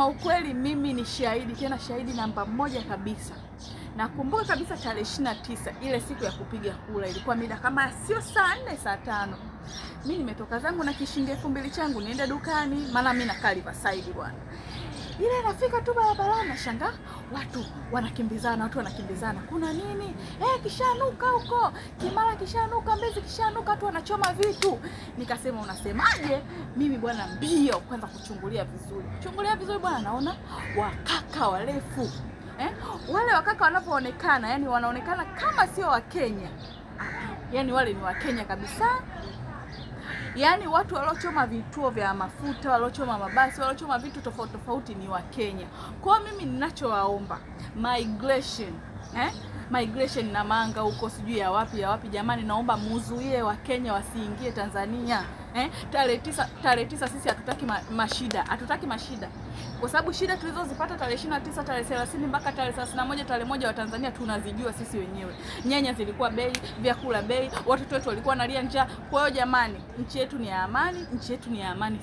Kusema ukweli, mimi ni shahidi, tena shahidi namba moja kabisa. Nakumbuka kabisa tarehe ishirini na tisa, ile siku ya kupiga kura, ilikuwa mida kama sio saa nne, saa tano. Mi nimetoka zangu na kishinge elfu mbili changu niende dukani, maana mi nakaa Riverside bwana ile inafika tu barabarani, nashangaa watu wanakimbizana, watu wanakimbizana, kuna nini? Eh, kishanuka huko Kimara, kishanuka Mbezi, kishanuka watu wanachoma vitu. Nikasema unasemaje? Mimi bwana, mbio kwanza kuchungulia vizuri, chungulia vizuri bwana, naona wakaka warefu eh? wale wakaka wanavyoonekana, yani wanaonekana kama sio Wakenya, ah, ah. yani wale ni Wakenya kabisa Yaani watu waliochoma vituo vya mafuta, waliochoma mabasi, waliochoma vitu tofauti tofauti ni Wakenya. Kwa mimi ninachowaomba migration eh? migration na manga huko sijui ya wapi ya wapi. Jamani, naomba muzuie Wakenya wasiingie Tanzania eh? tarehe tisa, tarehe tisa sisi hatutaki mashida, hatutaki mashida kwa sababu shida tulizozipata tarehe 29, tarehe 30 mpaka tarehe 31, tarehe moja wa Tanzania tunazijua sisi wenyewe. Nyanya zilikuwa bei, vyakula bei, watoto wetu walikuwa nalia njaa. Kwa hiyo jamani, nchi yetu ni ya amani, nchi yetu ni ya amani.